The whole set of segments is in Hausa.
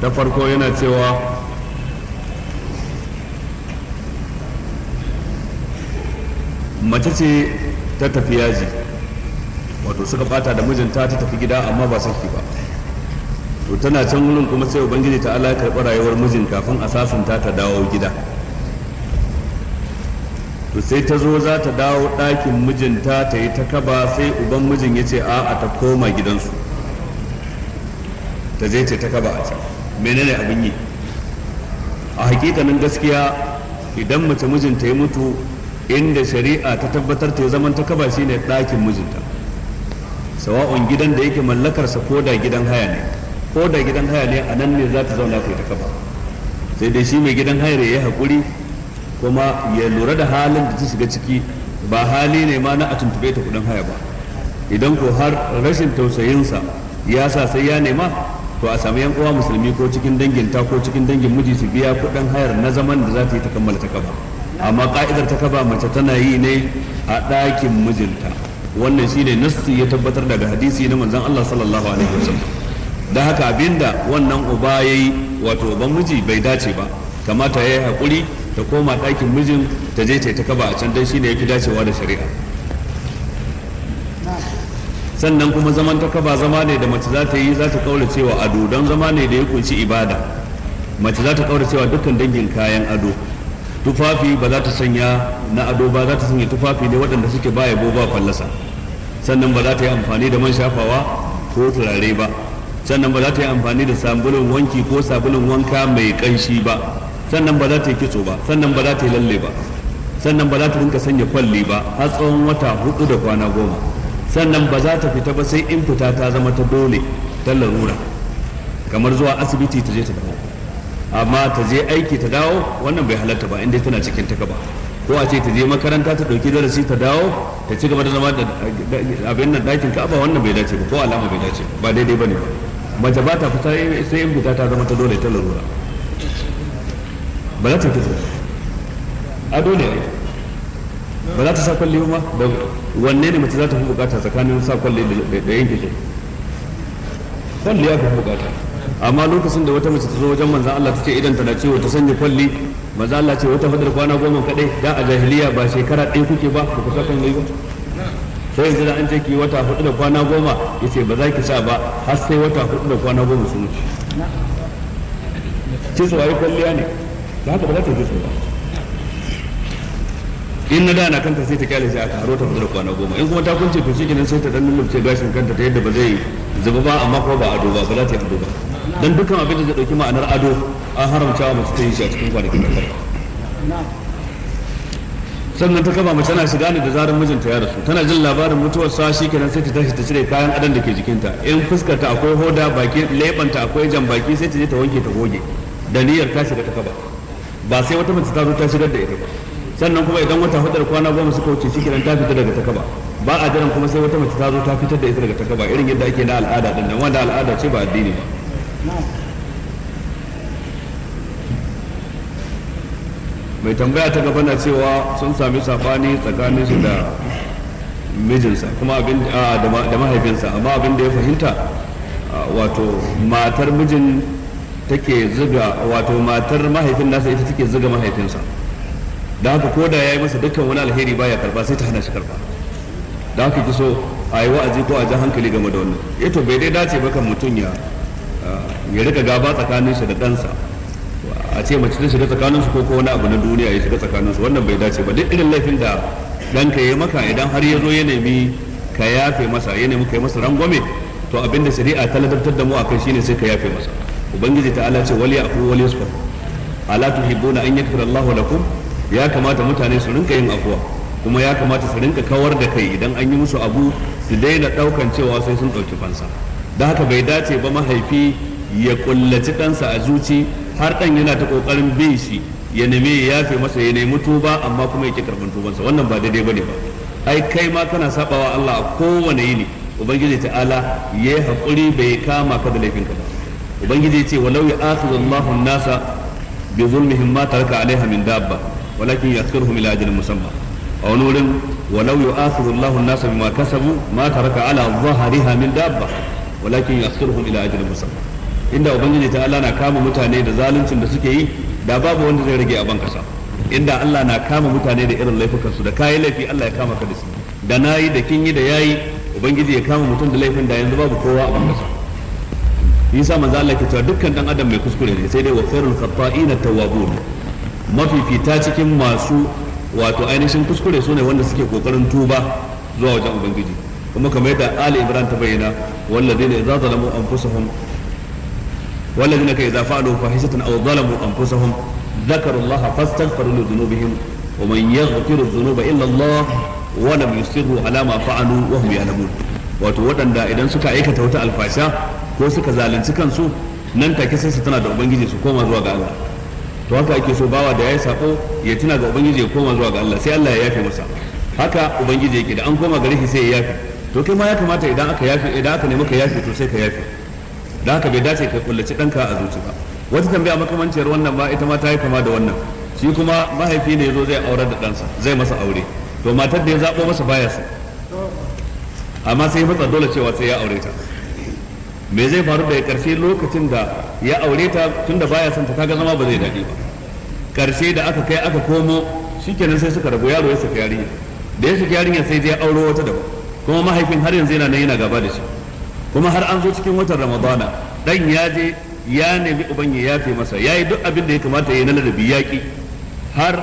ta farko yana cewa mace ce ta tafi yaji wato suka bata da mijinta ta tafi gida amma ba saki ba to tana can wurin kuma sai ubangiji ta ala karɓi rayuwar mijin kafin asasinta ta dawo gida to sai ta zo za ta dawo ɗakin mijinta ta yi ta kaba sai uban mijin ya ce a ta koma gidansu ta je ce ta kaba a can menene abin yi a hakikanin gaskiya idan mace mijinta ya mutu inda shari'a ta tabbatar ta zaman ta kaba shine ɗakin mijinta sawa'un gidan da yake mallakarsa ko da gidan haya ne ko da gidan haya ne a nan ne za ta zauna kai ta kaba sai dai shi mai gidan hayar ya yi haƙuri kuma ya lura da halin da ta shiga ciki ba hali ne ma na a tuntube ta kudin haya ba idan ko har rashin tausayinsa ya sa sai ya nema to a sami yan uwa musulmi ko cikin dangin ta ko cikin dangin miji su biya kuɗin hayar na zaman da za ta yi ta kammala ta kaba amma ka'idar ta kaba mace tana yi ne a ɗakin mijinta wannan shine nassi ya tabbatar daga hadisi na manzon Allah sallallahu alaihi wasallam da haka abinda wannan uba yayi wato uban miji bai dace ba kamata yi hakuri ta koma ɗakin mijin ta je ta kaba a can dan shine fi dacewa da shari'a sannan kuma zaman ta ba zama ne da mace za ta yi za ta kaura cewa ado don zama ne da ya kunshi ibada mace za ta kaura cewa dukkan dangin kayan ado tufafi ba za ta sanya na ado ba za ta sanya tufafi ne waɗanda suke ba yabo ba fallasa sannan ba za ta yi amfani da man shafawa ko turare ba sannan ba za ta yi amfani da sabulun wanki ko sabulun wanka mai ƙanshi ba sannan ba za ta yi kitso ba sannan ba za ta yi lalle ba sannan ba za ta rinka sanya kwalli ba har tsawon wata hudu da kwana goma sannan ba za ta fita ba sai in fita ta zama ta dole ta larura kamar zuwa asibiti ta je ta dawo amma ta je aiki ta dawo wannan bai halatta ba inda tana cikin ta gaba ko a ce ta je makaranta ta dauki darasi ta dawo ta ci gaba da zama da abin nan dakin ba wannan bai dace ba ko alama bai dace ba daidai bane ba mace ba ta fita sai in fita ta zama ta dole ta larura ba za ta fita a dole ne ba za ta sa kwalli ba wanne ne mace za ta fi bukata tsakanin sa kwalle da yin shi kwalle ya fi bukata amma lokacin da wata mace ta zo wajen manzan Allah ta ce idan ta na ciwo ta sanya kwalli manzan Allah ce wata fadar kwana goma kadai da a jahiliya ba shekara ɗaya kuke ba ba ku sa kan ba sai yanzu da an ce ki wata hudu da kwana goma yace ba za ki sa ba har sai wata hudu da kwana goma sun wuce ce su kwalliya ne da haka ba za ta je su ba in na dana kanta sai ta kyale shi a haro ta fita kwana goma in kuma ta kunce to shikenan sai ta dan lullubce gashin kanta ta yadda ba zai zuba ba amma kuma ba ado ba ba za ta yi ado ba dan dukkan abin da zai dauki ma'anar ado an haramta wa mace ta yi shi a cikin kwanakin da sannan ta kaba mace tana shiga ne da zarar mijinta ya rasu tana jin labarin mutuwar sa shikenan sai ta tashi ta cire kayan adon da ke jikinta in fuskarta akwai hoda baki lebanta akwai jan baki sai ta je ta wanke ta goge da niyyar ta shiga ta kaba ba sai wata mace ta zo ta shigar da ita ba sannan kuma idan wata hudar kwana goma suka wuce shi kiran ta fita daga takaba ba a jiran kuma sai wata mace ta zo ta fitar da ita daga takaba irin yadda ake na al'ada din nan wanda al'ada ce ba addini ba mai tambaya ta gaba na cewa sun sami safani tsakanin su da mijinsa kuma abin da mahaifinsa amma abin da ya fahimta wato matar mijin take zuga wato matar mahaifin nasa ita take zuga mahaifinsa da haka ko da ya yi masa dukkan wani alheri baya karba sai ta hana shi karba da haka ki so a yi wa'azi ko a ji hankali game da wannan ya eh to bai dai dace ba kan mutum ya ah, ya rika gaba tsakanin shi da ɗansa a ce mace ta shiga tsakanin su ko ko wani abu na duniya ya shiga tsakanin su wannan bai dace ba duk irin laifin da ka yi maka idan har ya zo ya nemi ka yafe masa ya nemi ka yi masa rangwame to abinda shari'a ta ladabtar da mu shi shine sai ka yafe masa ubangiji ta ala ce wal ya'fu wal yasfa ala tuhibbuna an yaghfira Allahu lakum ya kamata mutane su rinka yin afuwa kuma ya kamata su rinka kawar da kai idan an yi musu abu su daina daukan cewa sai sun dauki fansa da haka bai dace ba mahaifi ya kullaci ɗansa a zuci har ɗan yana ta ƙoƙarin bin shi ya nemi ya yafe masa ya nemi tuba amma kuma ya ki karɓar tubansa wannan ba daidai bane ba ai kai ma kana sabawa Allah a kowane yini ubangiji ta'ala ya yi haƙuri bai kama ka da ka ba ubangiji ya ce walau ya akhidhu Allahu an-nasa bi zulmihim ma taraka alaiha min dabba walakin yakhiruhum ila ajalin musamma a wani wurin walau yu'akhiru Allahu an-nasa bima kasabu ma taraka ala dhahriha min dabba walakin yakhiruhum ila ajalin musamma inda ubangiji ta Allah na kama mutane da zaluncin da suke yi da babu wanda zai rage a ban kasa inda Allah na kama mutane da irin laifukan su da kayi laifi Allah ya kama ka da su da nayi da kin yi da yayi ubangiji ya kama mutum da laifin da yanzu babu kowa a ban kasa yasa manzo Allah ke cewa dukkan dan adam mai kuskure ne sai dai wa khairul khata'ina tawwabun mafifita cikin masu wato ainihin kuskure su ne wanda suke kokarin tuba zuwa wajen ubangiji kuma kamar yadda ali ibrahim ta bayyana walladina idza zalamu anfusahum والذين إذا فعلوا فاحشة أو ظلموا أنفسهم ذكروا الله فاستغفروا لذنوبهم ومن يغفر الذنوب إلا الله ولم يصروا على ما فعلوا وهم يعلمون wato wadanda idan suka aikata wata alfasha ko suka zalunci kansu nan take sai su tana da ubangiji su koma zuwa ga Allah to haka ake so bawa da ya yi sako ya tuna ga ubangiji ya koma zuwa ga Allah sai Allah ya yafe masa haka ubangiji yake da an koma gare shi sai ya yafe to kai ma ya kamata idan aka yafe idan aka nemi ka yafe to sai ka yafe da haka bai dace ka kullace danka a zuci ba wata tambaya makamanciyar wannan ba ita ma ta yi kama da wannan shi kuma mahaifi ne yazo zai aurar da ɗansa zai masa aure to matar da ya zabo masa baya su amma sai matsa dole cewa sai ya aure ta me zai faru da karshe lokacin da ya aure ta tunda baya son ta kaga zama ba zai daɗi ba karshe da aka kai aka komo shikenan sai suka rabu yaro ya saki yarinya da ya saki yarinya sai ya auro wata daban kuma mahaifin har yanzu yana nan yana gaba da shi kuma har an zo cikin watan ramadana dan ya je ya nemi uban ya yafe masa ya yi duk abin da ya kamata ya na ladabi yaƙi har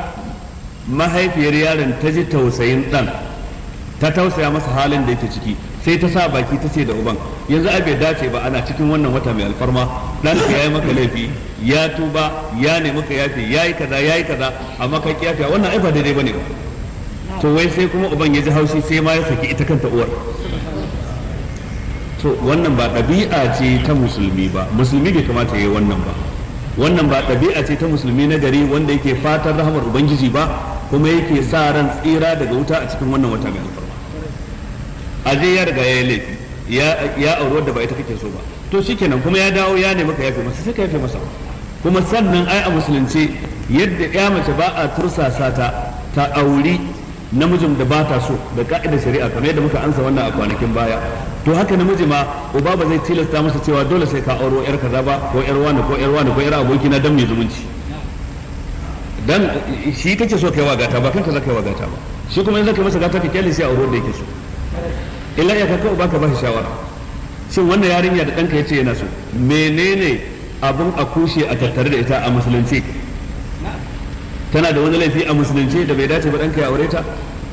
mahaifiyar yaron ta ji tausayin dan ta tausaya masa halin da yake ciki sai ta sa baki ta ce da uban yanzu ai bai dace ba ana cikin wannan wata mai alfarma dan ka yayi maka laifi ya tuba ya nemi ka yafe yayi kaza yayi kaza amma ka kiyafi wannan ai ba daidai bane ba to wai sai kuma uban ya ji haushi sai ma ya saki ita kanta uwar to wannan ba ɗabi'a ce ta musulmi ba musulmi bai kamata ya yi wannan ba wannan ba ɗabi'a ce ta musulmi na gari wanda yake fatan rahamar ubangiji ba kuma yake sa ran tsira daga wuta a cikin wannan wata mai alfarma aje ya riga yi laifi ya ya auri wanda ba ita kake so ba to shikenan kuma ya dawo ya nemi ka yafe masa sai ka yafe masa kuma sannan ai a musulunci yadda ya mace ba a tursasa ta ta auri namijin da ba ta so da ka'idar shari'a kamar yadda muka ansa wannan a kwanakin baya to haka namiji ma uba ba zai tilasta masa cewa dole sai ka auro yar kaza ba ko yar wani ko yar wani ko yar aboki na dan mai zumunci dan shi kake so kai wa gata ba kanka zaka yi wa gata ba shi kuma in zaka masa gata ka kyale sai auro da yake so illa ya kaka ba ka ba shi shawara shin wannan yarinya da kanka yace yana so menene abin a kushe a tattare da ita a musulunci tana da wani laifi a musulunci da bai dace ba danka ya aure ta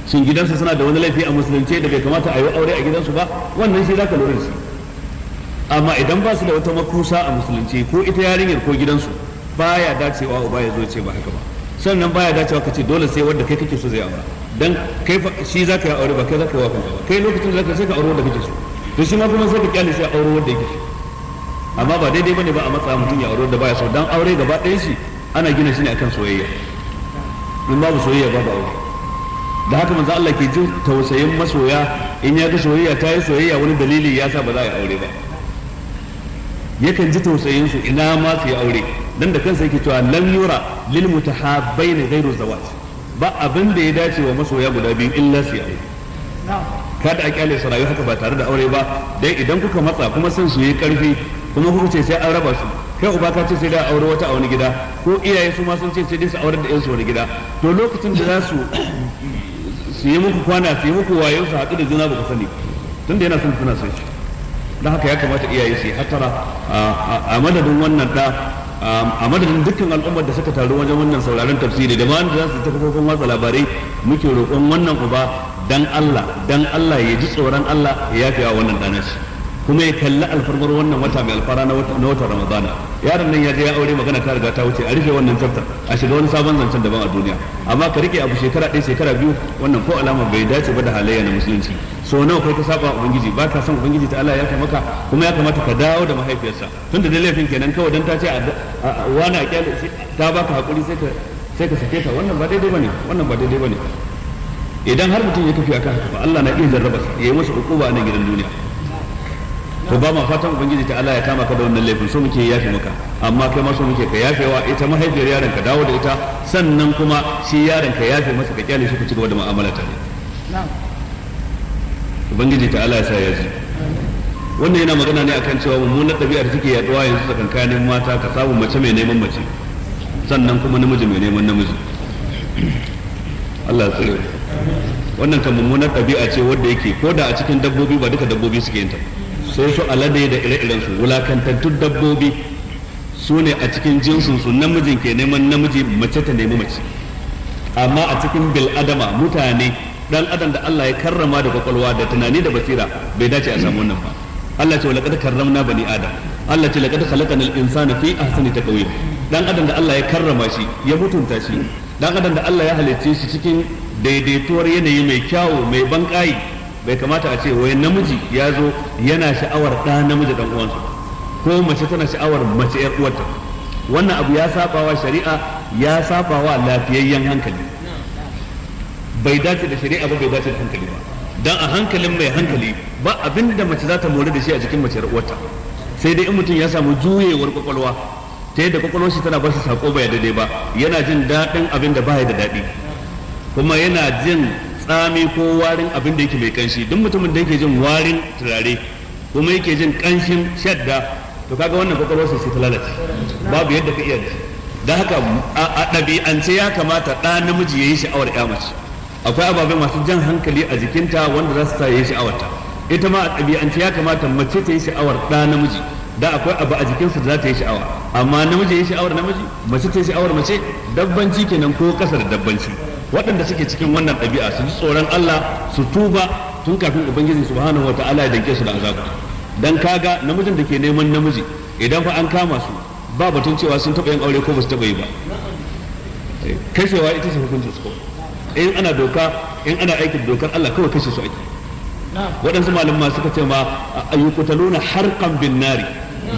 shin gidansa suna da wani laifi a musulunci da bai kamata a yi aure a gidansu ba wannan shi za ka lura da shi amma idan ba su da wata makusa a musulunci ko ita yarinyar ko gidansu baya dacewa uba ya zo ce ba haka ba sannan baya dacewa ka ce dole sai wanda kai kake so zai aura dan kai shi zaka yi aure ba kai zaka yi wa ba kai lokacin da zaka sai ka aure wanda kake so to shi ma kuma sai ka kyale sai aure wanda yake so amma ba daidai bane ba a matsa mutum ya aure da baya so dan aure gaba ɗayan shi ana gina shi ne akan soyayya in babu soyayya babu aure da haka manzo Allah ke jin tausayin masoya in ya ga soyayya ta yi soyayya wani dalili ya sa ba za a yi aure ba yakan ji tausayin su ina ma su yi aure dan da kansa yake cewa lam yura lil mutahabbain ghairu zawaj ba abin da ya dace wa masoya guda biyu illa su aure kada a kyale su rayu haka ba tare da aure ba dai idan kuka matsa kuma san su yi karfi kuma kuka ce sai an raba su kai uba ka ce sai da aure wata a wani gida ko iyaye su ma sun ce sai dai su aure da yan su wani gida to lokacin da za su su yi muku kwana su yi muku wayo su haɗu da juna ba ku sani tunda yana son kuna son sai don haka ya kamata iyaye su yi hatara a madadin wannan da a madadin dukkan al'ummar da suka taru wajen wannan sauraron tafsiri da wanda za su ta kafofin watsa labarai muke roƙon wannan uba dan Allah dan Allah ya ji tsoron Allah ya yafe wa wannan shi. kuma ya kalli alfarmar wannan wata mai alfara na watan ramadana yaron nan ya je ya aure magana ta riga ta wuce a rufe wannan tsafta a shiga wani sabon zancen daban a duniya amma ka rike abu shekara ɗaya shekara biyu wannan ko alama bai dace ba da halayya na musulunci so nawa kai ka saba ubangiji ba ka san ubangiji ta Allah ya kai maka kuma ya kamata ka dawo da mahaifiyarsa tunda da laifin kenan kawai dan ta ce wani a kyale ta baka hakuri sai ka sai ka sake ta wannan ba daidai bane wannan ba daidai bane idan har mutum ya tafi akan haka Allah na iya jarraba ya yi masa hukuma a nan gidan duniya to ba ma fatan ubangiji ta Allah ya kama ka da wannan laifin so muke yafe maka amma kai ma so muke ka yafewa ita mahaifiyar yaron ka dawo da ita sannan kuma shi yaron ka yafe masa ka kyale shi ku ci gaba da mu'amala ta ubangiji ta Allah ya sa ya ji wannan yana magana ne akan cewa mummunar ɗabi'ar take yaduwa yanzu kayan mata ka samu mace mai neman mace sannan kuma namiji mai neman namiji Allah ya tsare wannan kan mummunar ɗabi'a ce wadda yake ko da a cikin dabbobi ba duka dabbobi suke yin ta sai su alade da ire-irensu wulakantattun dabbobi su ne a cikin jinsin su namijin ke neman namiji mace ta nemi mace amma a cikin bil adama mutane dan adam da Allah ya karrama da kwakwalwa da tunani da basira bai dace a samu wannan ba Allah ce walaqad karramna bani adam Allah ce laqad khalaqnal insana fi ahsani taqwim dan adam da Allah ya karrama shi ya mutunta shi dan adam da Allah ya halicce shi cikin daidaituwar yanayi mai kyawu mai banƙayi bai kamata a ce wai namiji ya zo yana sha'awar ɗa namiji dan uwansa ko mace tana sha'awar mace yar uwarta wannan abu ya sabawa shari'a ya sabawa lafiyayyen hankali bai dace da shari'a ba bai dace da hankali ba dan a hankalin mai hankali ba abinda mace za ta more da shi a jikin mace yar uwarta sai dai in mutum ya samu juyewar kwakwalwa ta yadda kwakwalwar shi tana bashi sako bai daidai ba yana jin daɗin abin da baya da daɗi kuma yana jin tsami ko warin abin da yake mai kanshi duk mutumin da yake jin warin turare kuma yake jin kanshin shadda to kaga wannan kwakwalwarsa sai ta lalace babu yadda ka iya da da haka a ɗabi'ance ya kamata ɗa namiji ya yi sha'awar ya mace akwai ababai masu jan hankali a jikinta wanda za su sa ya yi sha'awarta ita ma a ɗabi'ance ya kamata mace ta yi sha'awar ɗa namiji da akwai abu a jikinsa da za ta yi sha'awa amma namiji ya yi sha'awar namiji mace ta yi sha'awar mace dabbanci kenan ko kasar dabbanci waɗanda suke cikin wannan ɗabi'a su ji tsoron Allah su tuba tun kafin ubangiji subhanahu wataala ya danke su da azaba dan kaga namijin da ke neman namiji idan fa an kama su ba batun cewa sun taɓa yin aure ko ba su taɓa yi ba kashewa ita ce hukuncin su in ana doka in ana aikin dokar Allah kawai kashe su ake waɗansu malamma suka ce ma ayyukutaluna harqan bin nari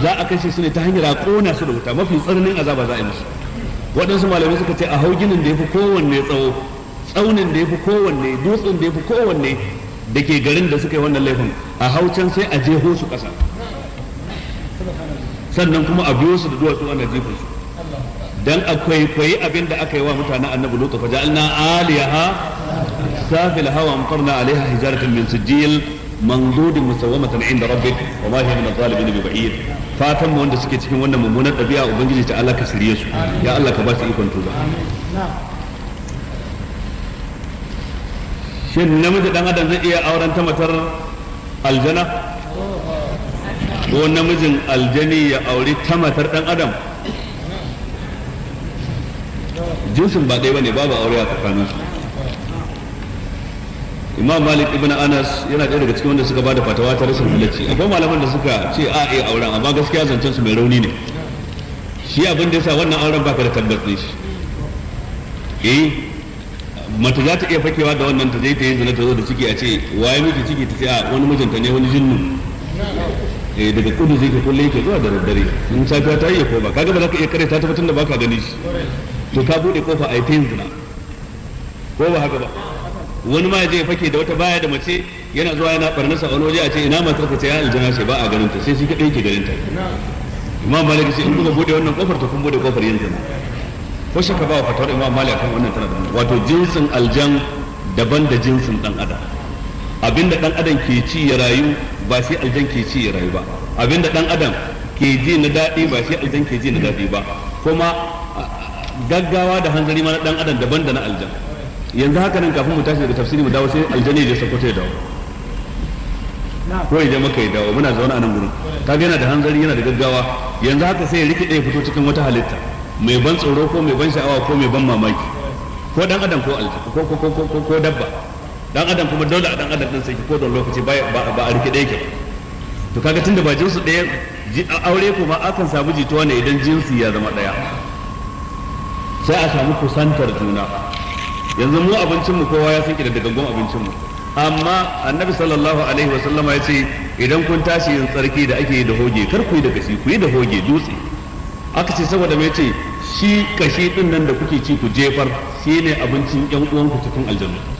za a kashe su ne ta hanyar a kona su da wuta mafi tsananin azaba za a yi musu waɗansu malamai suka ce a hau ginin da ya fi kowanne tsawo tsaunin da ya fi kowanne dutsen da ya fi kowanne da ke garin da suka yi wannan laifin a hau can sai a jeho su ƙasa sannan kuma a biyo su da duwatsu ana jefa su dan a kwaikwayi abin da aka yi wa mutanen annabi lutu fa ja'alna aliyaha safil hawa amtarna alaiha hijaratan min sijil mandudin musawwamatan inda rabbik wa ma hiya min adh bai bi ba'id fatan mu wanda suke cikin wannan mummunan ɗabi'a ubangiji ta Allah ka sirye su ya Allah ka ba su ikon tuba shin namiji dan adam zai iya auren ta matar aljana ko namijin aljani ya auri ta matar dan adam jinsin ba ɗaya bane babu aure a tsakaninsu imam malik ibn anas yana ɗaya daga cikin wanda suka bada fatawa ta rashin halacci akwai malaman da suka ce a iya eh, auren amma gaskiya zancen su mai rauni ne shi abin da yasa wannan auren baka da tabbas ne shi eh mata za ta iya fakewa da wannan ta je ta yi zina ta zo da ciki a ce waye miki ciki ta ce a wani mijinta ne wani jinnu eh daga kudu zai ke kulle yake zuwa da daddare in safiya ta yi ko ba kaga ba za ka iya kare ta tabbatar da baka gani shi to ka bude kofa a yi ta yin zina ko ba haka ba wani ma je fake da wata baya da mace yana zuwa yana sa wani waje a ce ina matar ka ce ya aljana ce ba a ganin ta sai shi kadai ke ganin ta imam malik sai in kuma bude wannan kofar ta kun bude kofar yanzu ko ka ba fatawar imam malik kan wannan tana da wato jinsin aljan daban da jinsin dan adam abinda dan adam ke ci ya rayu ba sai aljan ke ci ya rayu ba abinda dan adam ke ji na daɗi ba sai aljan ke ji na daɗi ba kuma gaggawa da hanzari ma na dan adam daban da na aljan yanzu haka nan kafin mu tashi daga tafsiri mu dawo sai aljani da sokoto ya dawo ko idan muka yi dawo muna zaune a nan gurin kaga yana da hanzari yana da gaggawa yanzu haka sai ya rikide ya fito cikin wata halitta mai ban tsoro ko mai ban sha'awa ko mai ban mamaki ko dan adam ko alji ko ko ko ko ko dabba dan adam kuma dole a dan adam din sai ko don lokaci ba ba a rikide yake to kaga tunda ba jinsu ɗaya aure kuma akan samu jituwa ne idan jinsi ya zama ɗaya sai a samu kusantar juna yanzu mu abincin mu kowa ya san kididdigangon abincin mu amma annabi sallallahu alaihi wa ya ce idan kun tashi yin tsarki da ake yi da hoge kar ku yi da kashi ku yi da hoge dutse aka ce saboda mai ce shi kashi din nan da kuke ci ku jefar shi ne abincin yan uwanku cikin aljanna